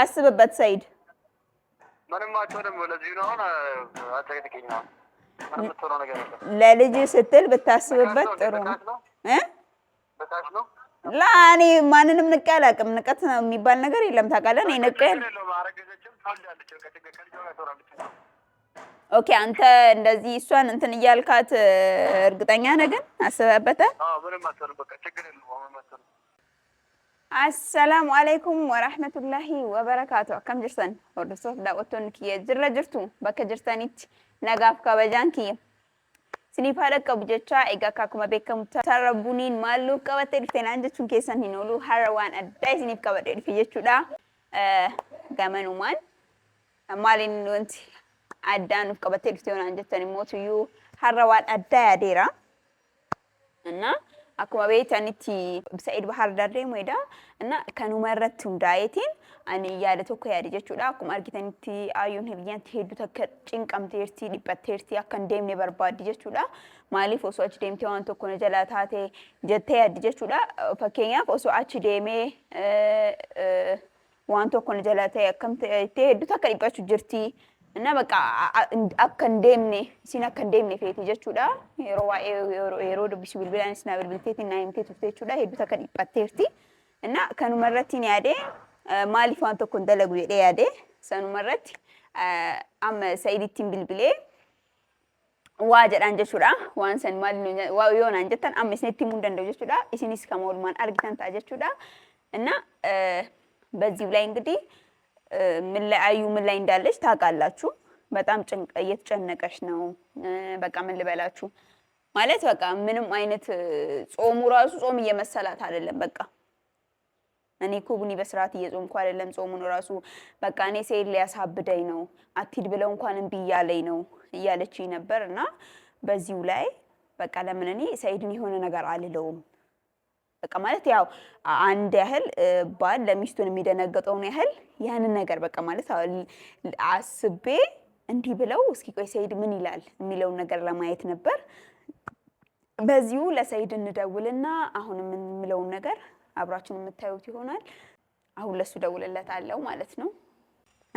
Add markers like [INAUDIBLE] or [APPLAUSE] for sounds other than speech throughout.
አስብበት ሰይድ። ለልጅ ስትል ብታስብበት ጥሩ ነው። ላ እኔ ማንንም ንቄ አላውቅም። ንቀት የሚባል ነገር የለም ታውቃለህ። እኔ ንቄ ኦኬ። አንተ እንደዚህ እሷን እንትን እያልካት እርግጠኛ ነህ ግን አስበህበታል? assalaamu alaykum warahmatullaahi wabarakaatu akkam jirtan hordoftoota daawwattoonni kiyya jirra jirtu bakka jirtanitti nagaaf kabajaan kiyya siniifaa dhaqqabu jechaa egaa akkuma beekamu tarra buniin maalluuf qabattee dhufte naan jechuun keessan hin oolu har'a waan addaa isiniif qabadhee dhufe jechuudha gamanumaan maaliin wanti addaa nuuf qabattee dhufte naan jettan immoo tuyyuu har'a waan addaa yaadeera. akkuma beektan itti sa'id bahar darree Darreemuudha. Inna kan uma irratti hundaa'eetiin ani yaada tokko yaade jechuudha. Akkuma argitanitti aayyoon hiriyyaatti hedduutu akka cinqamteerti, dhiphatteerti akka hin deemne barbaaddi jechuudha. Maaliif osoo achi deemtee waan tokko na jalaa taate jettee yaaddi jechuudha. Fakkeenyaaf osoo achi deemee waan tokko na jalaa ta'e akkamitti hedduutu akka dhiphachuu jirti. እና bakka akka hin deemne isin akka hin deemne feeti jechuudha. Yeroo waa'ee yeroo dubbisuu bilbilaan isin bilbilteetiin naa himtee turte jechuudha. Hedduuta kan dhiphatteerti. እና kanuma irratti ni yaadee maaliif waan tokko hin dalagu jedhee yaadee sanuma irratti amma Sa'iidittiin bilbilee waa jedhaan jechuudha. Waan san maal yoo naan jettan amma isinitti himuu hin danda'u jechuudha. Isinis kama oolmaan argitan ta'a jechuudha. እና በዚህ ላይ እንግዲህ ምን ላይ አዩ ምን ላይ እንዳለች ታውቃላችሁ። በጣም ጭንቀ እየተጨነቀች ነው። በቃ ምን ልበላችሁ ማለት በቃ ምንም አይነት ጾሙ ራሱ ጾም እየመሰላት አይደለም። በቃ እኔ እኮ ቡኒ በስርዓት እየጾምኩ አይደለም። ጾሙን ራሱ በቃ እኔ ሴት ሊያሳብደኝ ነው፣ አትሂድ ብለው እንኳን እምቢ እያለኝ ነው እያለችኝ ነበር። እና በዚሁ ላይ በቃ ለምን እኔ ሰይድን የሆነ ነገር አልለውም በቃ ማለት ያው አንድ ያህል ባል ለሚስቱን የሚደነግጠውን ያህል ያንን ነገር በቃ ማለት አስቤ እንዲህ ብለው እስኪ ቆይ ሰይድ ምን ይላል የሚለውን ነገር ለማየት ነበር። በዚሁ ለሰይድ እንደውልና አሁን የምንለውን ነገር አብራችን የምታዩት ይሆናል። አሁን ለሱ ደውልለት አለው ማለት ነው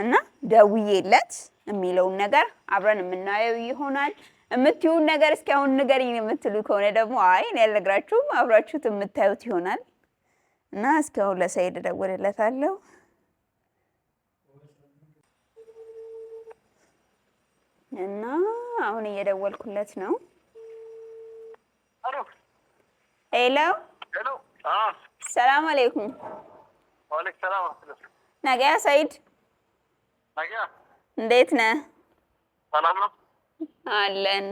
እና ደውዬለት የሚለውን ነገር አብረን የምናየው ይሆናል። የምትዩን ነገር እስኪ አሁን ንገሪኝ የምትሉ ከሆነ ደግሞ አይ እኔ አልነግራችሁም አብራችሁት የምታዩት ይሆናል። እና እስኪ አሁን ለሰይድ እደውልለታለሁ። እና አሁን እየደወልኩለት ነው። ሄሎ ሰላም አለይኩም። ነገያ ሰይድ፣ እንዴት ነህ? አለን።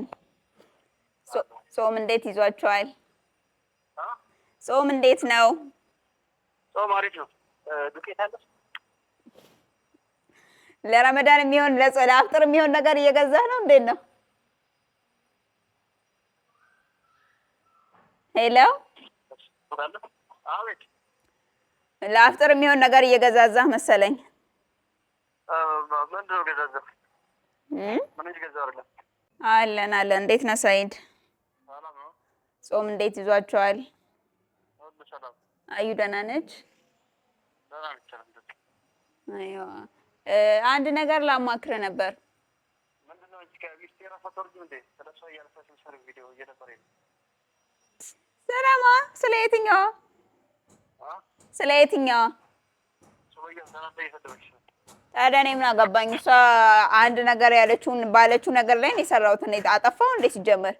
ጾም እንዴት ይዟችኋል? ጾም እንዴት ነው? ጾም አሪፍ ነው። ዱቄት አለ። ለረመዳን የሚሆን ለአፍጥር የሚሆን ነገር እየገዛህ ነው? እንዴት ነው? ሄሎ፣ ለአፍጥር የሚሆን ነገር እየገዛዛህ መሰለኝ። ምንድን ነው ገዛዛህ? ምን እየገዛህ አይደለም አለን አለን። እንዴት ነው ሰይድ? ጾም እንዴት ይዟቸዋል? አዩ ደህና ነች። አይዋ አንድ ነገር ላማክር ነበር። ስለማ ስለ የትኛዋ ስለ የትኛዋ ታዲያ እኔ ምን አገባኝ? እሷ አንድ ነገር ያለችውን ባለችው ነገር ላይ ነው የሰራሁት። እኔ እንዴ ሲጀመር?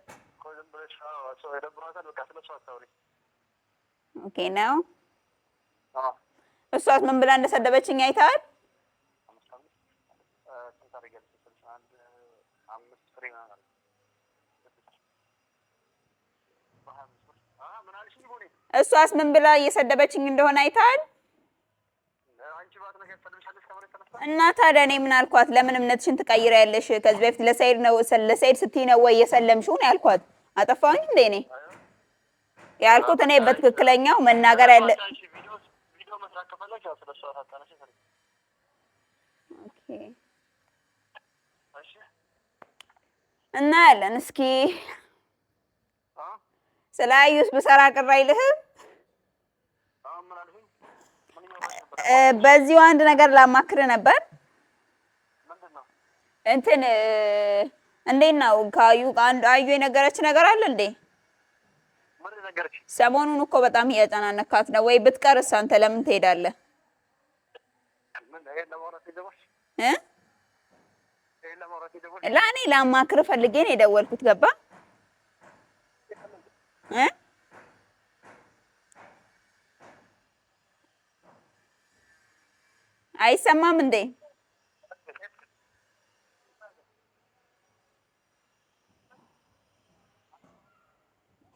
ኦኬ ነው። እሷስ ምን ብላ እንደሰደበችኝ አይተሃል? እሷስ ምን ብላ እየሰደበችኝ እንደሆነ አይተሃል? እና ታዲያ እኔ ምን አልኳት? ለምን እምነትሽን ትቀይሪያለሽ? ከዚህ በፊት ለሰይድ ነው ለሰይድ ስትይ ነው ወይ የሰለምሽው ነው ያልኳት። አጠፋሁኝ እንዴ እኔ ያልኩት እኔ በትክክለኛው መናገር ያለ እና ያለን እስኪ ስለ አዩስ ብሰራ ቅር አይልህም? በዚሁ አንድ ነገር ላማክር ነበር። እንትን እንዴት ነው ከአዩ አዩ የነገረች ነገር አለ እንዴ? ሰሞኑን እኮ በጣም እያጨናነካት ነው። ወይ ብትቀርስ አንተ ለምን ትሄዳለህ? ለእኔ ላማክር ፈልጌ ነው የደወልኩት። ገባ አይሰማም እንዴ?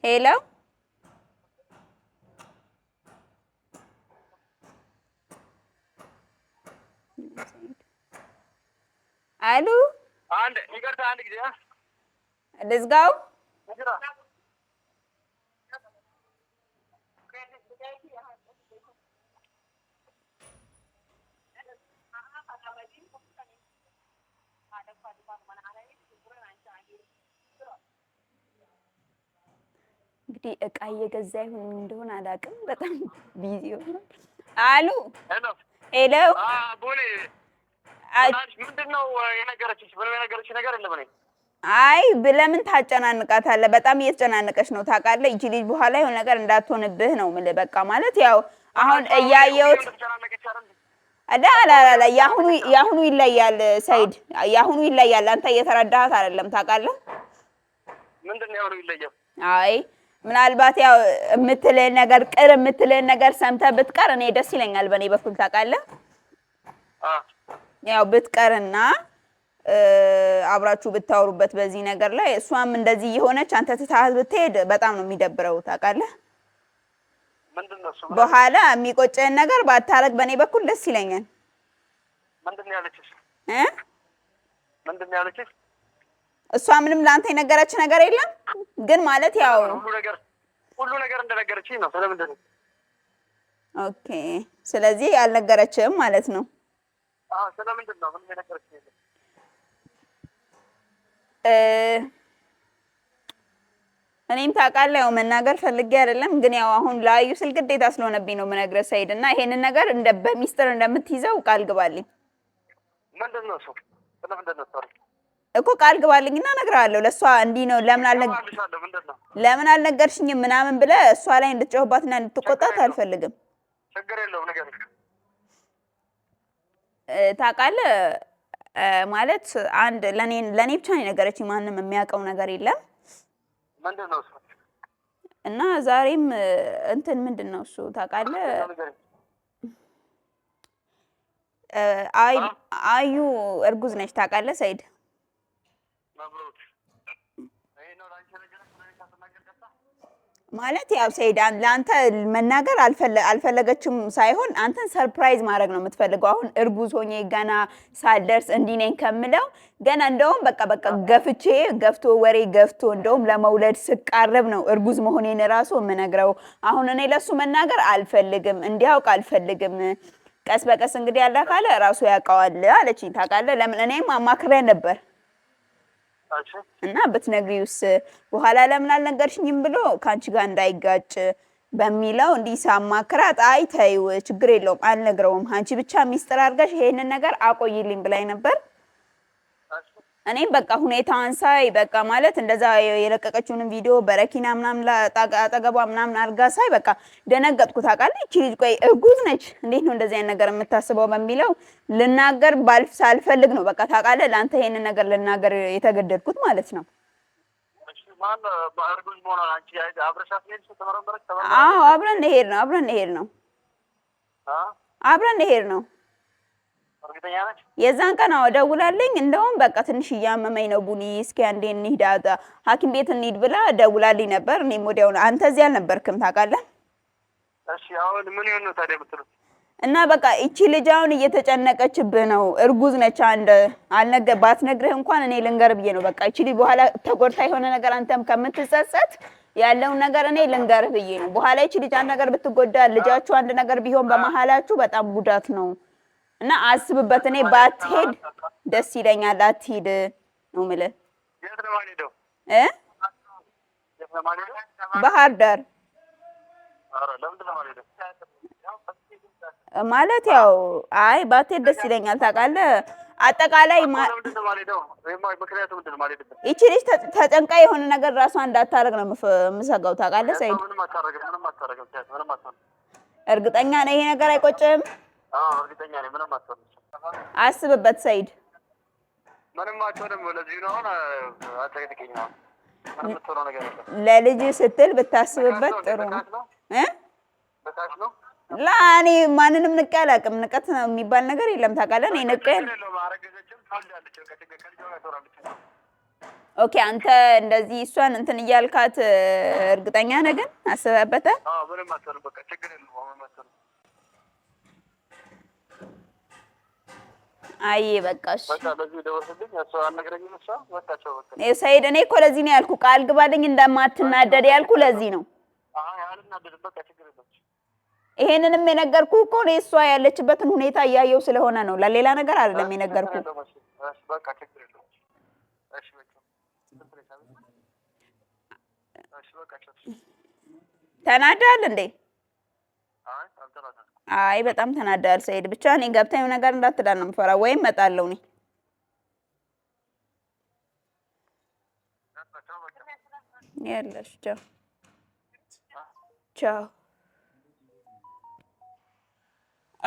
ሄሎ አሉ ልዝጋው እንግዲህ እቃ እየገዛ ይሁን እንደሆነ አላውቅም። በጣም ቢዚ አሉ። ሄሎ ምንድነው የነገረችሽ? ምንም የነገረች ነገር የለም። እኔ አይ ብለምን ታጨናንቃታለህ? በጣም እየተጨናነቀች ነው ታውቃለህ። ይቺ ልጅ በኋላ የሆነ ነገር እንዳትሆንብህ ነው የምልህ። በቃ ማለት ያው አሁን እያየሁት ላላላ የአሁኑ የአሁኑ ይለያል። ሰይድ የአሁኑ ይለያል። አንተ እየተረዳሃት አይደለም ታውቃለህ። ምንድን ነው ይለያል? አይ ምናልባት ያው የምትልህን ነገር ቅር የምትልህን ነገር ሰምተህ ብትቀር እኔ ደስ ይለኛል። በእኔ በኩል ታውቃለህ። ያው ብትቀርና አብራችሁ ብታወሩበት በዚህ ነገር ላይ እሷም እንደዚህ የሆነች አንተ ትታህ ብትሄድ በጣም ነው የሚደብረው ታውቃለህ። በኋላ የሚቆጨን ነገር ባታረግ በእኔ በኩል ደስ ይለኛል። ምንድን ያለችሽ? ምንድን ያለችሽ? እሷ ምንም ለአንተ የነገረች ነገር የለም። ግን ማለት ያው ሁሉ ነገር እንደነገረችኝ ነው። ስለምንድን ነው? ኦኬ። ስለዚህ አልነገረችህም ማለት ነው። ስለምንድን ነው? ምንም የነገረችኝ የለም። እኔም ታውቃለህ ያው መናገር ፈልጌ አይደለም፣ ግን ያው አሁን ላዩ ስል ግዴታ ስለሆነብኝ ነው የምነግርህ ሰይድ። እና ይሄንን ነገር እንደ በሚስጥር እንደምትይዘው ቃል ግባልኝ እኮ ቃል ግባልኝ እና እነግርሃለሁ። ለእሷ እንዲህ ነው ለምን ለምን አልነገርሽኝም ምናምን ብለህ እሷ ላይ እንድትጮህባትና እንድትቆጣት አልፈልግም። ታውቃለህ ማለት አንድ ለእኔ ብቻ ነው የነገረችኝ። ማንም የሚያውቀው ነገር የለም እና ዛሬም እንትን ምንድን ነው እሱ ታውቃለህ፣ አዩ እርጉዝ ነች ታውቃለህ ሰይድ ማለት ያው ሰይድ ለአንተ መናገር አልፈለገችም ሳይሆን አንተን ሰርፕራይዝ ማድረግ ነው የምትፈልገው። አሁን እርጉዝ ሆኜ ገና ሳልደርስ እንዲህ ነኝ ከምለው ገና እንደውም በቃ በቃ ገፍቼ ገፍቶ ወሬ ገፍቶ እንደውም ለመውለድ ስቃረብ ነው እርጉዝ መሆኔን ራሱ የምነግረው። አሁን እኔ ለሱ መናገር አልፈልግም፣ እንዲያውቅ አልፈልግም። ቀስ በቀስ እንግዲህ ያለ ካለ ራሱ ያውቀዋል አለችኝ። ታውቃለህ፣ ለምን እኔም አማክሬ ነበር እና ብትነግሪውስ በኋላ ለምን አልነገርሽኝም ብሎ ከአንቺ ጋር እንዳይጋጭ በሚለው እንዲህ ሳማክራት፣ አይ ተይው ችግር የለውም አልነግረውም አንቺ ብቻ ሚስጥር አድርገሽ ይሄንን ነገር አቆይልኝ ብላኝ ነበር። እኔም በቃ ሁኔታዋን ሳይ በቃ ማለት እንደዛ የለቀቀችውንም ቪዲዮ በረኪና ምናምን አጠገቧ ምናምን አድርጋ ሳይ በቃ ደነገጥኩ። ታውቃለህ ይቺ ልጅ ቆይ እርጉዝ ነች፣ እንዴት ነው እንደዚህ አይነት ነገር የምታስበው በሚለው ልናገር ባልፍ ሳልፈልግ ነው በቃ ታውቃለህ፣ ለአንተ ይሄንን ነገር ልናገር የተገደድኩት ማለት ነው። አዎ አብረን ሄድ ነው አብረን ሄድ ነው አብረን ሄድ ነው የዛን ቀን አዎ ደውላልኝ፣ እንደውም በቃ ትንሽ እያመመኝ ነው ቡኒ፣ እስኪ አንዴ እንሂድ ሐኪም ቤት እንሂድ ብላ ደውላልኝ ነበር። እኔም ወዲያውኑ አንተ እዚህ አልነበርክም ታውቃለህ። እሺ አሁን ምን ይሆን ነው ታዲያ የምትለው? እና በቃ እቺ ልጅ አሁን እየተጨነቀችብህ ነው። እርጉዝ ነች። አንድ አልነገር ባትነግርህ እንኳን እኔ ልንገር ብዬ ነው። በቃ እቺ ልጅ በኋላ ተጎድታ የሆነ ነገር አንተም ከምትጸጸት ያለውን ነገር እኔ ልንገር ብዬ ነው። በኋላ እቺ ልጅ አንድ ነገር ብትጎዳ፣ ልጃችሁ አንድ ነገር ቢሆን በመሀላችሁ በጣም ጉዳት ነው እና አስብበት። እኔ ባትሄድ ደስ ይለኛል። አትሂድ ነው የምልህ ባህር ዳር ማለት ያው አይ ባትሄድ ደስ ይለኛል። ታውቃለህ አጠቃላይ ይቺ ልጅ ተጨንቃ የሆነ ነገር ራሷን እንዳታረግ ነው የምሰጋው። ታውቃለህ ሰይድ፣ እርግጠኛ ነህ ይሄ ነገር አይቆጭም? እርግጠኛ ነኝ። ምንም አትሆንሽም። አስብበት ሰይድ። ምንም አትሆንም። ለዚሁ ነው አሁን አትጠቅጥቂኝ። ለልጅ ስትል ብታስብበት ጥሩ ነው። ላ እኔ ማንንም ንቄ አላውቅም። ንቀት የሚባል ነገር የለም ታውቃለህ። እኔ ንቄ ኦኬ። አንተ እንደዚህ እሷን እንትን እያልካት እርግጠኛ ነህ ግን አስበህበታል? አይ በቃሽ፣ ሰይድ እኔ እኮ ለዚህ ነው ያልኩ፣ ቃል ግባልኝ እንደማትናደድ ያልኩ ለዚህ ነው። ይሄንንም የነገርኩ እኮ እኔ እሷ ያለችበትን ሁኔታ እያየው ስለሆነ ነው፣ ለሌላ ነገር አይደለም የነገርኩ። ተናዳል እንዴ? አይ በጣም ተናዳል ሰይድ። ብቻ እኔ ገብታ የሆነ ነገር እንዳትዳል ነው የምፈራ፣ ወይም እመጣለሁ እኔ ያለሽ። ቻው ቻው።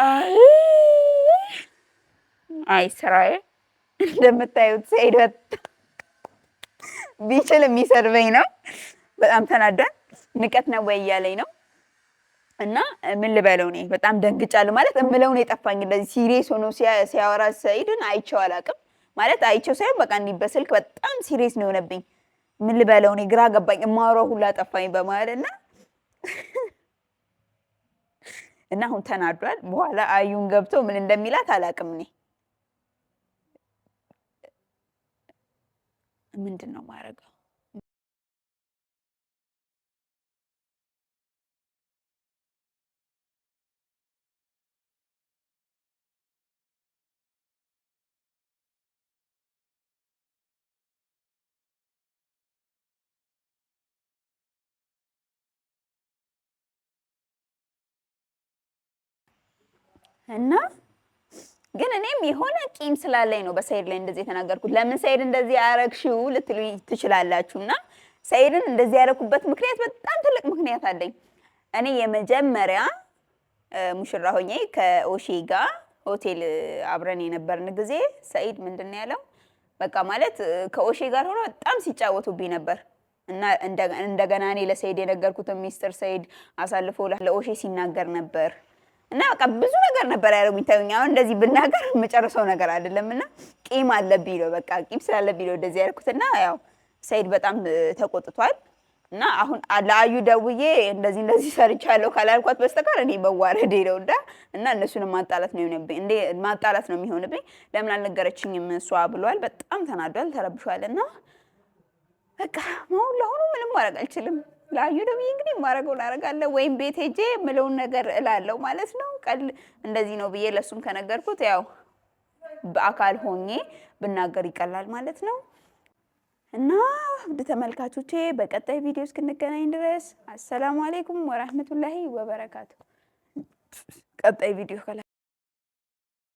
አይ አይ ስራዬ እንደምታዩት ሰይድ በጣም ቢችል የሚሰርበኝ ነው። በጣም ተናዷል። ንቀት ነው ወይ እያለኝ ነው እና ምን ልበለው እኔ በጣም ደንግጫለሁ። ማለት እምለውን የጠፋኝ እንደዚህ ሲሪየስ ሆኖ ሲያወራ ሰይድን አይቼው አላውቅም። ማለት አይቼው ሳይሆን በቃ እንዲህ በስልክ በጣም ሲሪየስ ነው የሆነብኝ። ምን ልበለው እኔ ግራ ገባኝ። የማወራው ሁላ ጠፋኝ በማለት እና [LAUGHS] እና አሁን ተናዷል። በኋላ አዩን ገብቶ ምን እንደሚላት አላውቅም። እኔ ምንድን ነው ማድረገው እና ግን እኔም የሆነ ቂም ስላለኝ ነው በሰይድ ላይ እንደዚህ የተናገርኩት። ለምን ሰይድ እንደዚህ ያረግሽው ልትሉ ትችላላችሁ። እና ሰይድን እንደዚህ ያረኩበት ምክንያት በጣም ትልቅ ምክንያት አለኝ። እኔ የመጀመሪያ ሙሽራ ሆኜ ከኦሼ ጋር ሆቴል አብረን የነበርን ጊዜ ሰይድ ምንድን ነው ያለው? በቃ ማለት ከኦሼ ጋር ሆኖ በጣም ሲጫወቱብኝ ነበር እና እንደገና እኔ ለሰይድ የነገርኩትን ሚስጥር ሰይድ አሳልፎ ለኦሼ ሲናገር ነበር። እና በቃ ብዙ ነገር ነበር ያለው ታዩኝ አሁን እንደዚህ ብናገር የምጨርሰው ነገር አይደለም። እና ቂም አለብኝ ነው በቃ ቂም ስላለብኝ ነው እንደዚህ ያልኩት። እና ያው ሰይድ በጣም ተቆጥቷል። እና አሁን ለአዩ ደውዬ እንደዚህ እንደዚህ ሰርቻለሁ ካላልኳት በስተቀር እኔ መዋረዴ ነው እና እና እነሱንም ማጣላት ነው የሆነብኝ። እንዴ ማጣላት ነው የሚሆንብኝ። ለምን አልነገረችኝም እሷ ብሏል። በጣም ተናዷል፣ ተረብሿል። እና በቃ መሆን ለሆኑ ምንም ማድረግ አልችልም። ላዩ ደግሞ እንግዲህ የማደርገውን አደርጋለሁ፣ ወይም ቤት ሄጄ የምለውን ነገር እላለሁ ማለት ነው። ቀል እንደዚህ ነው ብዬ ለሱም ከነገርኩት ያው በአካል ሆኜ ብናገር ይቀላል ማለት ነው። እና ውድ ተመልካቾቼ በቀጣይ ቪዲዮ እስክንገናኝ ድረስ አሰላሙ አሌይኩም ወራህመቱላሂ ወበረካቱ። ቀጣይ ቪዲዮ